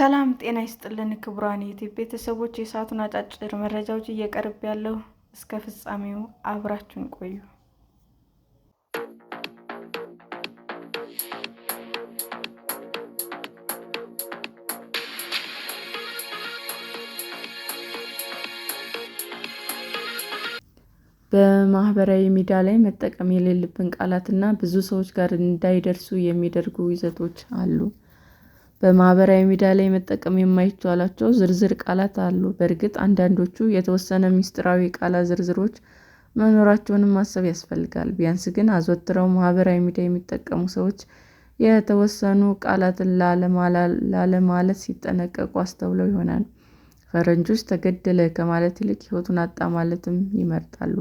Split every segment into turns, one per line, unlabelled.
ሰላም ጤና ይስጥልን ክቡራን ዩቲዩብ ቤተሰቦች፣ የሰዓቱን አጫጭር መረጃዎች እየቀርብ ያለው እስከ ፍጻሜው አብራችሁን ቆዩ። በማህበራዊ ሚዲያ ላይ መጠቀም የሌለብን ቃላትና ብዙ ሰዎች ጋር እንዳይደርሱ የሚደርጉ ይዘቶች አሉ። በማህበራዊ ሚዲያ ላይ መጠቀም የማይቻላቸው ዝርዝር ቃላት አሉ። በእርግጥ አንዳንዶቹ የተወሰነ ምስጢራዊ ቃላ ዝርዝሮች መኖራቸውንም ማሰብ ያስፈልጋል። ቢያንስ ግን አዘወትረው ማህበራዊ ሚዲያ የሚጠቀሙ ሰዎች የተወሰኑ ቃላትን ላለማለት ሲጠነቀቁ አስተውለው ይሆናል። ፈረንጆች ተገደለ ከማለት ይልቅ ሕይወቱን አጣ ማለትም ይመርጣሉ።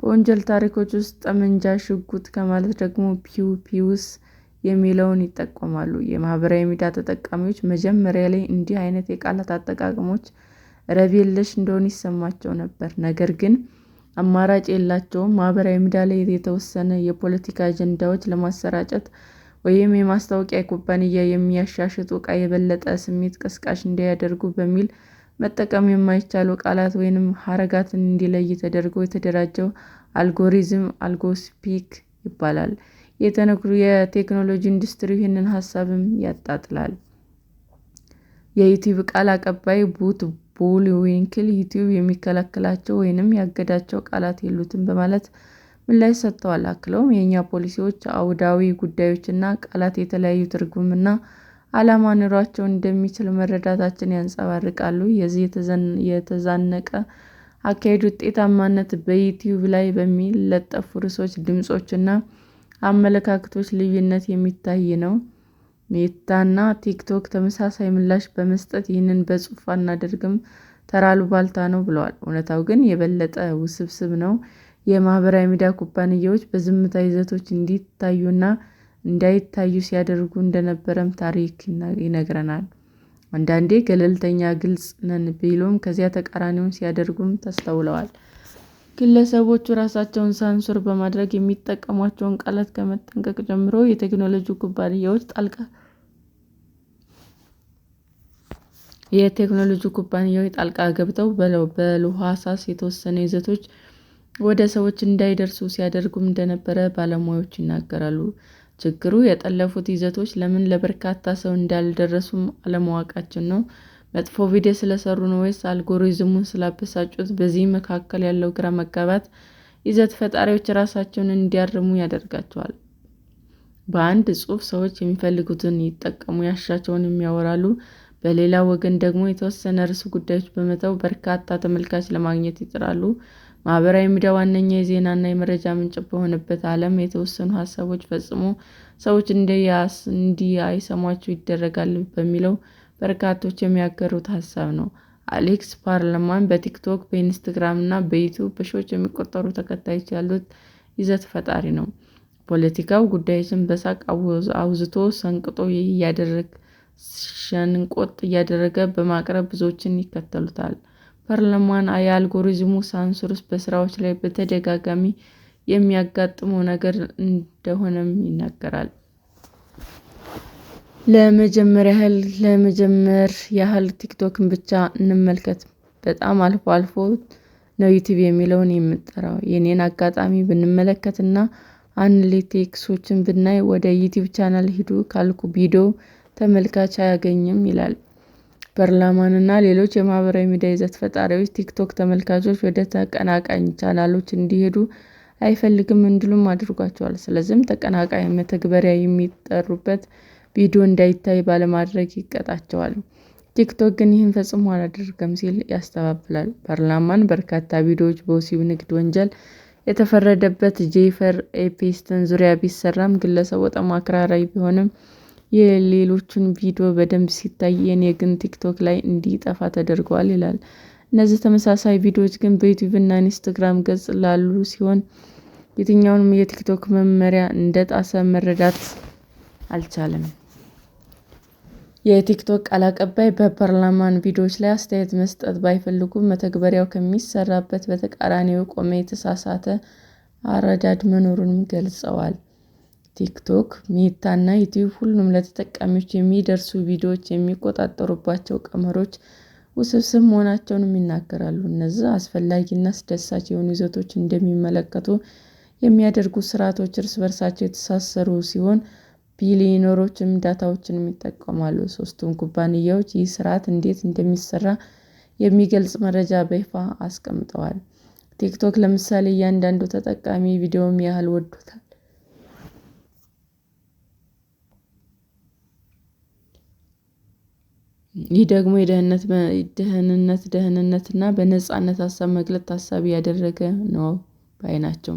በወንጀል ታሪኮች ውስጥ ጠመንጃ፣ ሽጉጥ ከማለት ደግሞ ፒው ፒውስ የሚለውን ይጠቀማሉ። የማህበራዊ ሚዲያ ተጠቃሚዎች መጀመሪያ ላይ እንዲህ አይነት የቃላት አጠቃቀሞች ረብ የለሽ ይሰማቸው ነበር። ነገር ግን አማራጭ የላቸውም። ማህበራዊ ሚዲያ ላይ የተወሰነ የፖለቲካ አጀንዳዎች ለማሰራጨት ወይም የማስታወቂያ ኩባንያ የሚያሻሽጡ ዕቃ የበለጠ ስሜት ቀስቃሽ እንዲያደርጉ በሚል መጠቀም የማይቻሉ ቃላት ወይም ሀረጋትን እንዲለይ ተደርጎ የተደራጀው አልጎሪዝም አልጎስፒክ ይባላል። የቴክኖሎጂ ኢንዱስትሪ ይህንን ሀሳብም ያጣጥላል። የዩቲዩብ ቃል አቀባይ ቡት ዊንክል ዩቲዩብ የሚከለክላቸው ወይንም ያገዳቸው ቃላት የሉትም በማለት ምላሽ ሰጥተዋል። አክለውም የእኛ ፖሊሲዎች አውዳዊ ጉዳዮችና ቃላት የተለያዩ ትርጉምና ዓላማ ኑሯቸው እንደሚችል መረዳታችን ያንጸባርቃሉ። የዚህ የተዛነቀ አካሄድ ውጤታማነት በዩቲዩብ ላይ በሚለጠፉ ርዕሶች፣ ድምፆች አመለካከቶች ልዩነት የሚታይ ነው። ሜታና ቲክቶክ ተመሳሳይ ምላሽ በመስጠት ይህንን በጽሑፍ አናደርግም ተራሉ ባልታ ነው ብለዋል። እውነታው ግን የበለጠ ውስብስብ ነው። የማህበራዊ ሚዲያ ኩባንያዎች በዝምታ ይዘቶች እንዲታዩና እንዳይታዩ ሲያደርጉ እንደነበረም ታሪክ ይነግረናል። አንዳንዴ ገለልተኛ ግልጽ ነን ቢሉም ከዚያ ተቃራኒውን ሲያደርጉም ተስተውለዋል። ግለሰቦቹ ራሳቸውን ሳንሱር በማድረግ የሚጠቀሟቸውን ቃላት ከመጠንቀቅ ጀምሮ የቴክኖሎጂ ኩባንያዎች ጣልቃ የቴክኖሎጂ ኩባንያዎች ጣልቃ ገብተው በሉሃሳስ የተወሰኑ ይዘቶች ወደ ሰዎች እንዳይደርሱ ሲያደርጉም እንደነበረ ባለሙያዎች ይናገራሉ። ችግሩ የጠለፉት ይዘቶች ለምን ለበርካታ ሰው እንዳልደረሱም አለማወቃችን ነው። መጥፎ ቪዲዮ ስለሰሩ ነው ወይስ አልጎሪዝሙን ስላበሳጩት? በዚህ መካከል ያለው ግራ መጋባት ይዘት ፈጣሪዎች ራሳቸውን እንዲያርሙ ያደርጋቸዋል። በአንድ ጽሑፍ ሰዎች የሚፈልጉትን ይጠቀሙ ያሻቸውን የሚያወራሉ፣ በሌላ ወገን ደግሞ የተወሰነ ርዕሰ ጉዳዮች በመተው በርካታ ተመልካች ለማግኘት ይጥራሉ። ማህበራዊ ሚዲያ ዋነኛ የዜናና የመረጃ ምንጭ በሆነበት ዓለም የተወሰኑ ሀሳቦች ፈጽሞ ሰዎች አይሰሟቸው ይደረጋል በሚለው በርካቶች የሚያገሩት ሀሳብ ነው። አሌክስ ፓርላማን፣ በቲክቶክ በኢንስታግራም እና በዩቲዩብ በሺዎች የሚቆጠሩ ተከታዮች ያሉት ይዘት ፈጣሪ ነው። ፖለቲካው ጉዳዮችን በሳቅ አውዝቶ ሰንቅጦ እያደረግ ሸንቆጥ እያደረገ በማቅረብ ብዙዎችን ይከተሉታል። ፓርላማን የአልጎሪዝሙ ሳንሱርስ በስራዎች ላይ በተደጋጋሚ የሚያጋጥመው ነገር እንደሆነም ይናገራል። ለመጀመሪያ ያህል ለመጀመር ያህል ቲክቶክን ብቻ እንመልከት። በጣም አልፎ አልፎ ነው ዩቲዩብ የሚለውን የምጠራው። የኔን አጋጣሚ ብንመለከትና አናሊቲክሶችን ብናይ ወደ ዩቲዩብ ቻናል ሂዱ ካልኩ ቪዲዮ ተመልካች አያገኝም ይላል። ፓርላማንና ሌሎች የማህበራዊ ሚዲያ ይዘት ፈጣሪዎች ቲክቶክ ተመልካቾች ወደ ተቀናቃኝ ቻናሎች እንዲሄዱ አይፈልግም እንዲሉም አድርጓቸዋል። ስለዚህም ተቀናቃኝ መተግበሪያ የሚጠሩበት ቪዲዮ እንዳይታይ ባለማድረግ ይቀጣቸዋል። ቲክቶክ ግን ይህን ፈጽሞ አላደረገም ሲል ያስተባብላል። ፓርላማን በርካታ ቪዲዮዎች በወሲብ ንግድ ወንጀል የተፈረደበት ጄፈር ኤፕስቲን ዙሪያ ቢሰራም ግለሰቡ በጣም አክራሪ ቢሆንም የሌሎቹን ቪዲዮ በደንብ ሲታይ የኔ ግን ቲክቶክ ላይ እንዲጠፋ ተደርገዋል ይላል። እነዚህ ተመሳሳይ ቪዲዮዎች ግን በዩቲዩብ እና ኢንስታግራም ገጽ ላሉ ሲሆን የትኛውንም የቲክቶክ መመሪያ እንደጣሰ መረዳት አልቻለም። የቲክቶክ ቃል አቀባይ በፓርላማን ቪዲዮዎች ላይ አስተያየት መስጠት ባይፈልጉም መተግበሪያው ከሚሰራበት በተቃራኒው የቆመ የተሳሳተ አረዳድ መኖሩንም ገልጸዋል። ቲክቶክ፣ ሜታ እና ዩቲዩብ ሁሉም ለተጠቃሚዎች የሚደርሱ ቪዲዮዎች የሚቆጣጠሩባቸው ቀመሮች ውስብስብ መሆናቸውንም ይናገራሉ። እነዚህ አስፈላጊና አስደሳች የሆኑ ይዘቶች እንደሚመለከቱ የሚያደርጉ ስርዓቶች እርስ በርሳቸው የተሳሰሩ ሲሆን ቢሊዮነሮችም ዳታዎችንም ይጠቀማሉ። ሶስቱም ኩባንያዎች ይህ ስርዓት እንዴት እንደሚሰራ የሚገልጽ መረጃ በይፋ አስቀምጠዋል። ቲክቶክ ለምሳሌ እያንዳንዱ ተጠቃሚ ቪዲዮም ያህል ወዶታል ይህ ደግሞ የደህንነት ደህንነት ደህንነትና በነጻነት ሀሳብ መግለጽ ታሳቢ ያደረገ ነው ባይ ናቸው።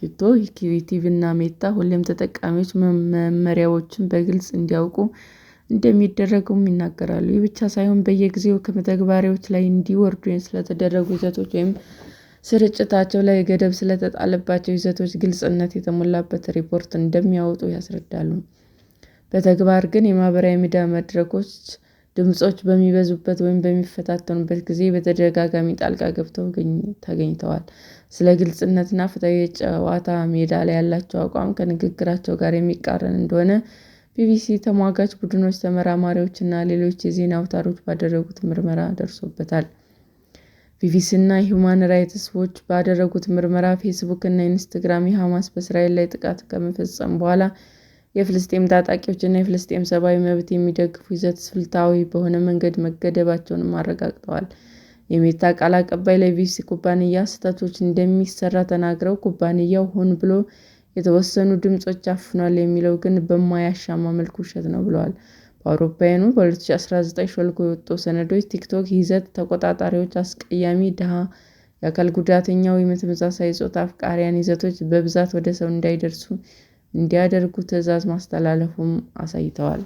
ቲክቶክ፣ ዩቲዩብ እና ሜታ ሁሌም ተጠቃሚዎች መመሪያዎችን በግልጽ እንዲያውቁ እንደሚደረጉም ይናገራሉ። ይህ ብቻ ሳይሆን በየጊዜው ከመተግበሪያዎች ላይ እንዲወርዱ ስለተደረጉ ይዘቶች ወይም ስርጭታቸው ላይ ገደብ ስለተጣለባቸው ይዘቶች ግልጽነት የተሞላበት ሪፖርት እንደሚያወጡ ያስረዳሉ። በተግባር ግን የማህበራዊ ሚዲያ መድረኮች ድምጾች በሚበዙበት ወይም በሚፈታተኑበት ጊዜ በተደጋጋሚ ጣልቃ ገብተው ተገኝተዋል። ስለ ግልጽነትና ፍትሐዊ የጨዋታ ሜዳ ላይ ያላቸው አቋም ከንግግራቸው ጋር የሚቃረን እንደሆነ ቢቢሲ፣ ተሟጋች ቡድኖች፣ ተመራማሪዎች እና ሌሎች የዜና አውታሮች ባደረጉት ምርመራ ደርሶበታል። ቢቢሲ እና ሂውማን ራይትስ ዎች ባደረጉት ምርመራ ፌስቡክ እና ኢንስታግራም የሐማስ በእስራኤል ላይ ጥቃት ከመፈጸም በኋላ የፍልስጤም ታጣቂዎችና የፍልስጤም ሰብአዊ መብት የሚደግፉ ይዘት ስልታዊ በሆነ መንገድ መገደባቸውንም አረጋግጠዋል። የሜታ ቃል አቀባይ ለቢቢሲ ኩባንያ ስህተቶች እንደሚሰራ ተናግረው፣ ኩባንያው ሆን ብሎ የተወሰኑ ድምጾች አፍኗል የሚለው ግን በማያሻማ መልኩ ውሸት ነው ብለዋል። በአውሮፓውያኑ በ2019 ሾልኮ የወጡ ሰነዶች ቲክቶክ ይዘት ተቆጣጣሪዎች አስቀያሚ፣ ድሃ፣ የአካል ጉዳተኛ ወይም ተመሳሳይ ጾታ አፍቃሪያን ይዘቶች በብዛት ወደ ሰው እንዳይደርሱ እንዲያደርጉ ትዕዛዝ ማስተላለፉም አሳይተዋል።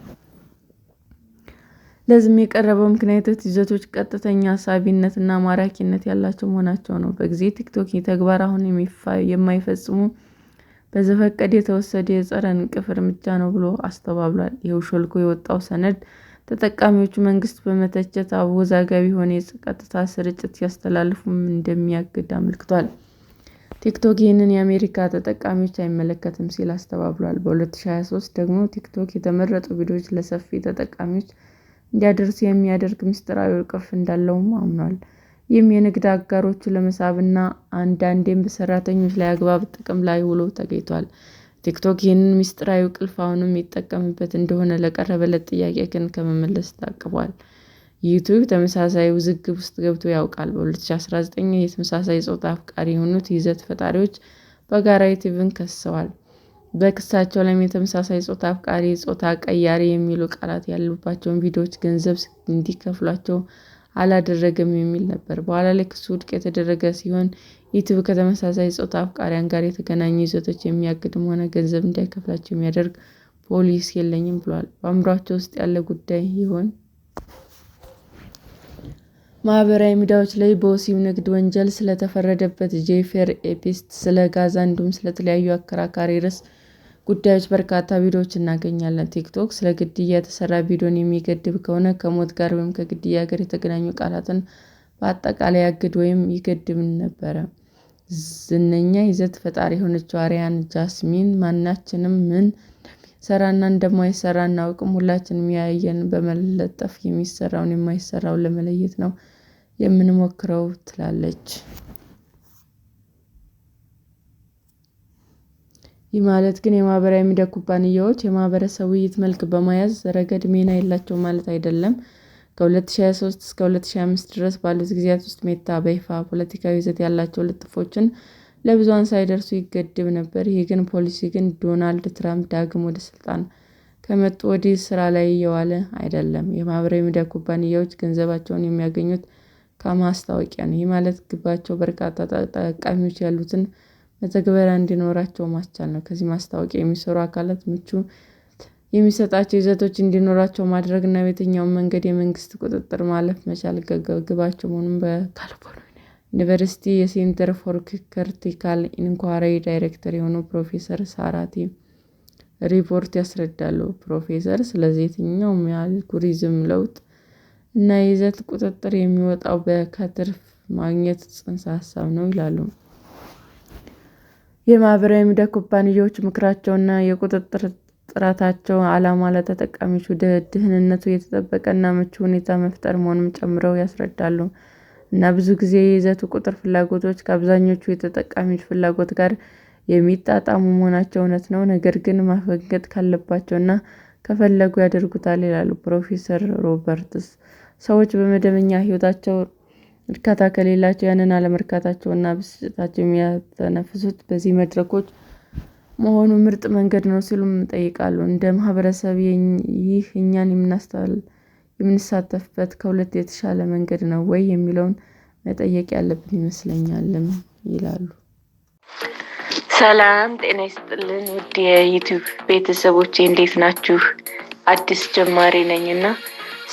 ለዚህም የቀረበው ምክንያቶች ይዘቶች ቀጥተኛ ሳቢነትና ማራኪነት ያላቸው መሆናቸው ነው። በጊዜ ቲክቶክ ተግባር አሁን የማይፈጽሙ በዘፈቀደ የተወሰደ የጸረ እንቅፍ እርምጃ ነው ብሎ አስተባብሏል። ይኸው ሾልኮ የወጣው ሰነድ ተጠቃሚዎቹ መንግስት በመተቸት አወዛጋቢ የሆነ የቀጥታ ስርጭት ሲያስተላልፉም እንደሚያግድ አመልክቷል። ቲክቶክ ይህንን የአሜሪካ ተጠቃሚዎች አይመለከትም ሲል አስተባብሏል። በ2023 ደግሞ ቲክቶክ የተመረጡ ቪዲዮዎች ለሰፊ ተጠቃሚዎች እንዲያደርሱ የሚያደርግ ምስጢራዊ እቅፍ እንዳለውም አምኗል። ይህም የንግድ ለመሳብ ለመሳብና አንዳንዴም በሰራተኞች ላይ አግባብ ጥቅም ላይ ውሎ ተገኝቷል። ቲክቶክ ይህንን ምስጢራዊ ቅልፍ አሁንም የሚጠቀምበት እንደሆነ ለቀረበለት ጥያቄ ግን ከመመለስ ታቅቧል። ዩቱብ ተመሳሳይ ውዝግብ ውስጥ ገብቶ ያውቃል። በ2019 የተመሳሳይ ፆታ አፍቃሪ የሆኑት ይዘት ፈጣሪዎች በጋራ ዩቱብን ከሰዋል። በክሳቸው ላይም የተመሳሳይ ፆታ አፍቃሪ፣ ፆታ ቀያሪ የሚሉ ቃላት ያሉባቸውን ቪዲዮዎች ገንዘብ እንዲከፍሏቸው አላደረገም የሚል ነበር። በኋላ ላይ ክሱ ውድቅ የተደረገ ሲሆን ዩቱብ ከተመሳሳይ ፆታ አፍቃሪያን ጋር የተገናኙ ይዘቶች የሚያግድም ሆነ ገንዘብ እንዳይከፍላቸው የሚያደርግ ፖሊስ የለኝም ብሏል። በአእምሯቸው ውስጥ ያለ ጉዳይ ይሆን? ማህበራዊ ሚዲያዎች ላይ በወሲብ ንግድ ወንጀል ስለተፈረደበት ጄፌር ኤፒስት ስለ ጋዛ እንዲሁም ስለተለያዩ አከራካሪ ርዕሰ ጉዳዮች በርካታ ቪዲዮዎች እናገኛለን። ቲክቶክ ስለ ግድያ የተሰራ ቪዲዮን የሚገድብ ከሆነ ከሞት ጋር ወይም ከግድያ ጋር የተገናኙ ቃላትን በአጠቃላይ ያግድ ወይም ይገድብ ነበረ። ዝነኛ ይዘት ፈጣሪ የሆነችው አርያን ጃስሚን ማናችንም ምን ሰራና እንደማይሰራ አናውቅም፣ ሁላችንም ያየን በመለጠፍ የሚሰራውን የማይሰራውን ለመለየት ነው የምንሞክረው ትላለች። ይህ ማለት ግን የማህበራዊ ሚዲያ ኩባንያዎች የማህበረሰብ ውይይት መልክ በመያዝ ረገድ ሚና የላቸው ማለት አይደለም። ከ2023 እስከ 2025 ድረስ ባሉት ጊዜያት ውስጥ ሜታ በይፋ ፖለቲካዊ ይዘት ያላቸው ልጥፎችን ለብዙሃን ሳይደርሱ ይገድብ ነበር። ይህ ግን ፖሊሲ ግን ዶናልድ ትራምፕ ዳግም ወደ ስልጣን ከመጡ ወዲህ ስራ ላይ እየዋለ አይደለም። የማህበራዊ ሚዲያ ኩባንያዎች ገንዘባቸውን የሚያገኙት ከማስታወቂያ ነው። ይህ ማለት ግባቸው በርካታ ተጠቃሚዎች ያሉትን መተግበሪያ እንዲኖራቸው ማስቻል ነው። ከዚህ ማስታወቂያ የሚሰሩ አካላት ምቹ የሚሰጣቸው ይዘቶች እንዲኖራቸው ማድረግ እና በየትኛውም መንገድ የመንግስት ቁጥጥር ማለፍ መቻል ግባቸው መሆኑን በካሊፎርኒያ ዩኒቨርሲቲ የሴንተር ፎር ክርቲካል ኢንኳሪ ዳይሬክተር የሆኑ ፕሮፌሰር ሳራቲ ሪፖርት ያስረዳሉ። ፕሮፌሰር ስለዚህ የትኛውም የአልጎሪዝም ለውጥ እና የይዘት ቁጥጥር የሚወጣው በከትርፍ ማግኘት ጽንሰ ሀሳብ ነው ይላሉ። የማህበራዊ ሚዲያ ኩባንያዎች ምክራቸውና የቁጥጥር ጥራታቸው ዓላማ ለተጠቃሚዎቹ ደህንነቱ የተጠበቀና ምቹ ሁኔታ መፍጠር መሆኑን ጨምረው ያስረዳሉ። እና ብዙ ጊዜ የይዘቱ ቁጥር ፍላጎቶች ከአብዛኞቹ የተጠቃሚዎች ፍላጎት ጋር የሚጣጣሙ መሆናቸው እውነት ነው፣ ነገር ግን ማፈንገጥ ካለባቸው እና ከፈለጉ ያደርጉታል ይላሉ ፕሮፌሰር ሮበርትስ። ሰዎች በመደበኛ ህይወታቸው እርካታ ከሌላቸው ያንን እና ብስጭታቸው የሚያተነፍሱት በዚህ መድረኮች መሆኑ ምርጥ መንገድ ነው ሲሉም ይጠይቃሉ። እንደ ማህበረሰብ ይህ እኛን የምንሳተፍበት ከሁለት የተሻለ መንገድ ነው ወይ የሚለውን መጠየቅ ያለብን ይመስለኛልም ይላሉ።
ሰላም ጤና ይስጥልን ውድ የዩቲዩብ ቤተሰቦቼ እንዴት ናችሁ? አዲስ ጀማሪ ነኝ እና